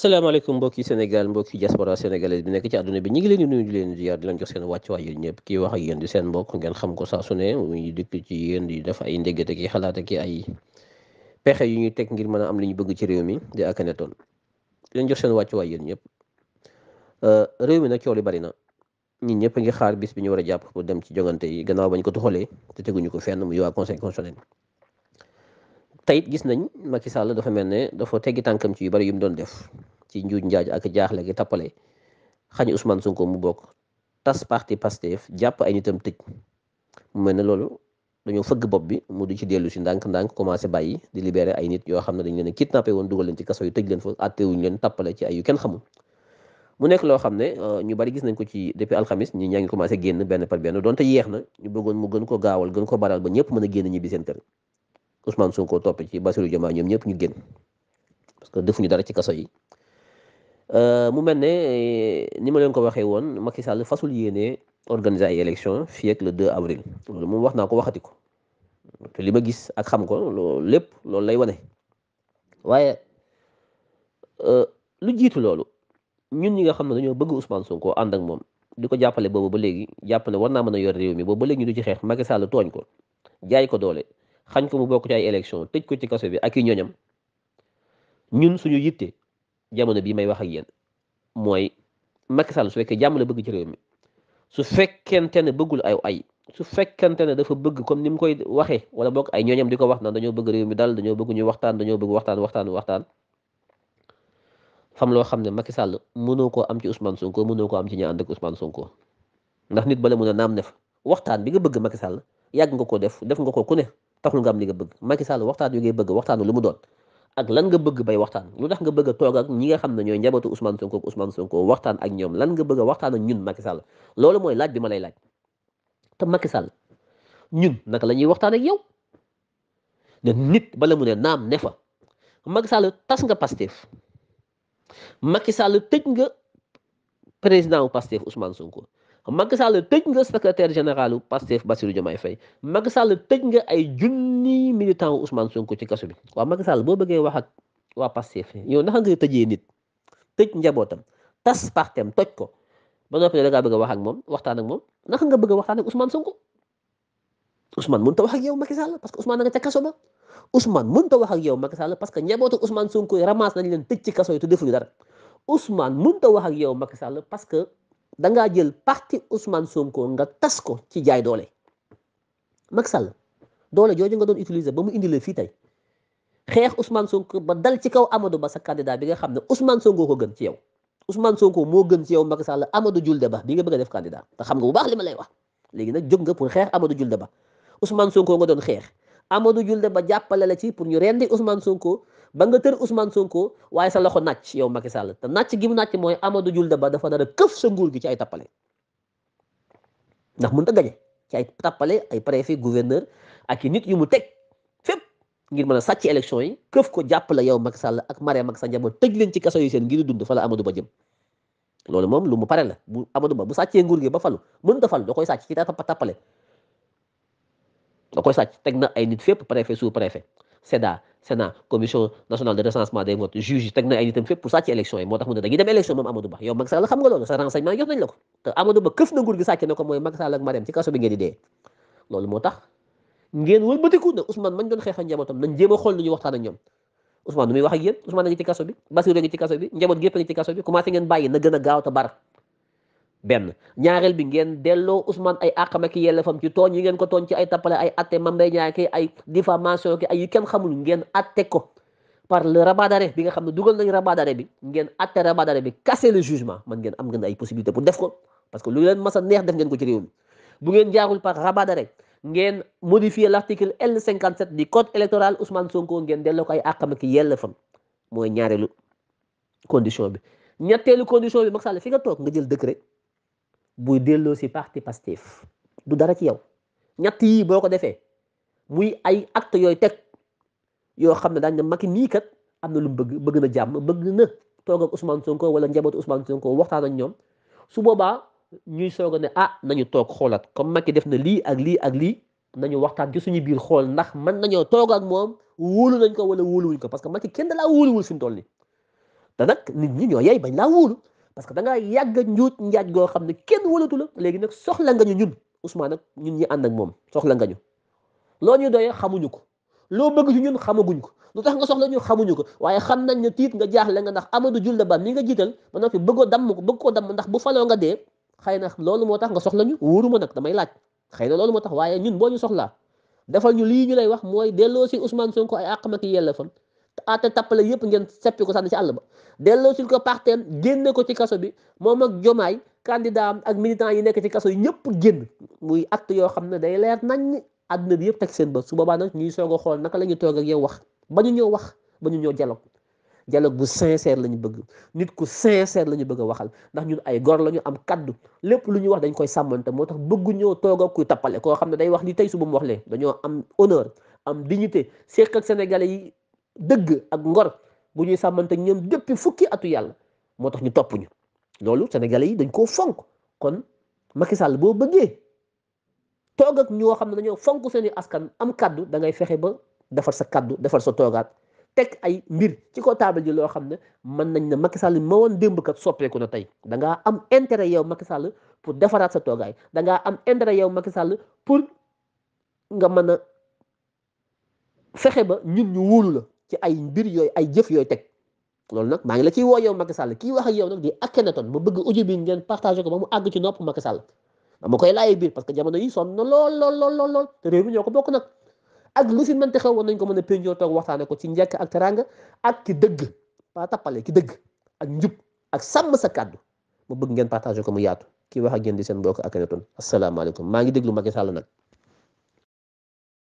salaamaaleykum mbokki Sénégal mbokki diaspora sénégalaise bi nekk ci àdduna bi ñu ngi leen di nuyu di leen di yaar di leen jox seen wàccuwaay yéen ñëpp kii wax ak yéen di seen mbokk ngeen xam ko saa muy dëkk ci yéen di def ay ndéggate ki xalaat ak ay pexe yu ñuy teg ngir mën a am li ñu bëgg ci réew mi di Akhenaton di leen jox seen wàccuwaay yéen ñëpp euh, réew mi nak coow li bari na ñun ñëpp ngi xaar bis bi ñu war a jàpp pour dem ci jogante yi gannaaw bañ ko tuxalee te teguñu ko fenn muy waa conseil tey gis nañ Macky Sall dafa mel ne dafa teggi tànkam ci yu bari yu mu doon def ci njuuj njaaj ak jaaxle gi tappale xañ Ousmane Sonko mu bokk tas parti Pastef jàpp ay nitam tëj mu mel loolu dañoo fëgg bopp bi mu di ci dellu bàyyi di libéré ay nit yoo xam ne dañ leen kidnappé woon dugal leen ci kaso yu tëj leen fa àttewuñ leen tappale ci ay yu kenn xamul mu nekk loo xam ne euh, ñu bari gis nañ ko ci depuis alxamis ñi ñaa ngi commencé génn benn par benn donte yeex na ñu bëggoon mu gën ko gaawal gën ko baral ba ñëpp mën a génn ñ seen ausman Ousmane Sonko topp ci Bassirou Diomaye ñoom ñëpp ñu génn parce que ñu dara ci kaso yi euh, mu mel ne eh, ni ma leen ko waxee woon Macky Sall fasul yéenee organiser ay élection fii ak le 2 avril loolu moom wax naa ko waxati ko li ma gis ak xam ko loolu lépp loolu lay wane waaye euh, lu jiitu loolu ñun ni nga xam ne dañoo bëgg Ousmane Sonko ànd ak moom du ko jàppale boobu ba léegi jàpp ne war naa mën a yor réew mi boobu ba léegi ñu du ci xeex Macky Sall tooñ ko jaay ko doole xañ ko mu bokk ci ay élection tëj ko ci kaso bi ak i ñoñam ñun suñu yitte jamono bii may wax ak yenn mooy Macky Sall su fekkee jàmm la bëgg ci réew mi su fekkente ne bëggul ay ay su fekkente ne dafa bëgg comme ni mu koy waxee wala bokk ay ñooñam di ko wax naan dañoo bëgg réew mi daal dañoo bëgg ñu waxtaan dañoo bëgg waxtaan waxtaan waxtaan fam loo xam ne Macky Sall mënoo koo am ci Ousmane Sonko mënoo ko am ci ñi ànd ak Ousmane Sonko ndax nit bala mun a naam ne fa waxtaan bi nga bëgg Macky Sall yàgg nga ko def def nga ko ku ne taxul nga am li nga bëgg Macky Sall waxtaan yu ngay bëgg waxtaanu lu mu doon ak lan nga bëgg bay waxtaan lu tax nga bëgg a toog ak nga xam ne ñooy njabootu Ousmane Sonko Ousmane Sonko waxtaan ak ñoom lan nga bëgg a waxtaan ak ñun Macky Sall loolu mooy laaj bi ma lay laaj te Macky Sall ñun naka la ñuy waxtaan ak yow ne nit bala mu ne naam ne fa Sall tas nga Pastef Macky Sall tëj nga président wu Pastef Ousmane Sonko Macky Sall tëj nga secrétaire généralu Pastef Bassirou Diomaye Faye Macky Sall tëj nga ay junni militant wu Ousmane Sonko ci kaso bi waa Macky Sall boo bëggee wax ak waa Pastef yow naka nga tëjee nit tëj njabootam tas partem toj ko ba noppi da ngaa bëgg a wax moom waxtaan ak moom naka nga bëgg a waxtaan ak Ousmane Sonko Ousmane mënut a wax ak yow Macky Sall parce que Ousmane a wax que njabootu Ousmane Sonko yi ramasse nañ tëj ci kaso te defuñu dara Ousmane mënut a wax ak yow Macky Sall parce que dangaa jël parti Ousmane Sonko nga tas ko ci jaay doole Macky Sall doole jooju nga doon utiliser ba mu indi la fii tey xeex Ousmane Sonko ba dal ci kaw Amadou Ba sa candidat bi nga xam ne Ousmane Sonko ko gën ci yow Ousmane Sonko moo gën ci yow Macky Sall Amadou Julde Ba bi nga bëgg a def candidat te xam nga bu baax li ma lay wax léegi nag jóg nga pour xeex Amadou Julde Ba Ousmane Sonko nga doon xeex Amadou Julde Ba jàppale la ci pour ñu rendi Ousmane Sonko ba nga tër Ousmane Sonko waaye sa loxo nàcc yow Macky Sall te nàcc gi mu nàcc mooy Amadou Julde Ba dafa dara këf sa nguur gi ci ay tappale ndax mënut a ci ay tappale ay préfet gouverneur ak i nit yu mu teg fépp ngir mën a sàcc élection yi këf ko jàppale yow Macky Sall ak Marème ak sa njaboot tëj leen ci kaso yi seen ngir dund fala la Amadou Ba jëm loolu moom lu mu pare la bu Amadou Ba bu sàccee nguur gi ba falu mënut a falu da koy sàcc ci tappale da koy sàcc teg na ay nit fépp préfet sous préfet SEDA Sénat commission nationale de recensement des votes juge teg na ay nitam fépp pour sàcc élection yi moo tax mu ne dañuy dem élection moom Amadou bi ngeen di dee loolu moo tax ngeen wëlbatiku ne Ousmane mañ doon xeexal njabootam nañ jéem a xool lu ñuy waxtaan ñoom Ousmane nu muy wax ak yéen ngi ci kaso bi Bassirou ngi ci kaso bi njaboot gépp a ngi ci kaso bi commencé ngeen bàyyi na gaaw te bar benn ñaareel bi ngeen delloo Ousmane ay àqam ak yelleefam ci tooñ yi ngeen ko tooñ ci ay tappale ay atte Mame xamul ngeen atte ko par le bi nga xam ne dugal nañ rabat d'arrêt bi ngeen atte rabat d'arrêt bi casser man ngeen am ngeen ay possibilité pour def ko leen mas a neex def ngeen ko ci réew mi bu ngeen jaarul par rabat d'arrêt ngeen modifier l'article L57 du code électoral Ousmane Sonko ngeen delloo ko ay àqam mooy ñaareelu condition bi ñetteelu condition bi Macky Sall fi nga toog nga jël décret buy delloo si parti Pastef du dara ci yow ñett yii boo ko defee muy ay acte yooyu teg yoo xam ne daañu ne Macky nii kat am na lu mu bëgg bëgg na jàmm bëgg na toog ak Ousmane Sonko wala njabootu Ousmane Sonko waxtaan ak ñoom su boobaa ñuy soog a ne ah nañu toog xoolaat comme Macky def na lii ak lii ak lii nañu waxtaan ci suñu biir xool ndax mën nañoo toog ak moom wóolu nañ ko wala wuñ ko parce que Macky kenn da laa wóoluwul fi mu toll nii te nag nit ñi ñoo yey bañ laa wóolu. parce que da ngaa njuuj njuut njaaj goo xam ne kenn wóolatu la léegi nag soxla nga ñu ñun Ousmane nag ñun ñi ànd ak moom soxla nga ñu loo ñu doyee xamuñu ko loo bëgg ci ñun xamaguñ ko lu tax nga soxla ñu xamuñu ko waaye xam nañ ne tiit nga jaaxle nga ndax Amadou Diouldé Ba mi nga jiital ba noppi bëggoo damm ko bëgg koo damm ndax bu faloo nga dee xëy na loolu moo tax nga soxla ñu wóoruma nag damay laaj xëy na loolu moo tax waaye ñun boo ñu soxlaa defal ñu lii ñu lay wax mooy delloo si Ousmane Sonko ay àqam ak yellefam aate tappale yëpp ngeen seppi ko sànni ci àll ba delloo sil ko parteem génne ko ci kaso bi moom ak jomaay candidat am ak militant yi nekk ci kaso yi ñëpp génn muy acte yoo xam ne day leer nañ àdduna bi yëpp teg seen ba su boobaa nag ñuy soog a xool naka la ñuy toog ak yow wax ba ñu ñëw wax ba ñu ñëw dialogue dialogue bu sincère la ñu bëgg nit ku sincère la ñu bëgg a waxal ndax ñun ay gor la ñu am kaddu lépp lu ñuy wax dañ koy sàmmante moo tax bëggu ñëw toog ak kuy tappale koo xam ne wax li tey suba mu wax lee dañoo am honneur am dignité seq dëgg ak ngor bu ñuy sàmmante ak ñoom depuis fukki atu yàlla moo tax ñu topp ñu loolu sénégalais yi dañ koo fonk kon Macky Sall boo bëggee toog ak ñoo xam ne dañoo fonk seeni askan am kaddu da ngay fexe ba defar sa kaddu defar sa toogaat teg ay mbir ci ko taabal ji loo xam ne mën nañ ne Macky Sall ma woon soppeeku na tey da ngaa am intérêt yow Macky Sall pour defaraat sa toogaay da ngaa am intérêt yow Macky Sall pour nga mën a fexe ba ñun ñu wóolu la. ci ay mbir yooyu ay jëf yooyu teg loolu nag maa ngi la ciy woo yow Macky Sall kii wax ak yow nag di Akhenaton ma bëgg audio bi ngeen partagé ko ba mu àgg ci nopp Macky Sall dama koy laaj biir parce que jamono yi sonn na lool lool lool lool lool te ko bokk nag ak lu fi mënti xew woon ko mën a pénjoo toog waxtaane ko ci njekk ak teranga ak ki dëgg pas tappale ki dëgg ak njub ak sàmm sa kàddu ma bëgg ngeen partagé ko mu yaatu kii wax ak yéen di seen mbokk Akhenaton asalaamaaleykum maa ngi déglu Macky Sall nag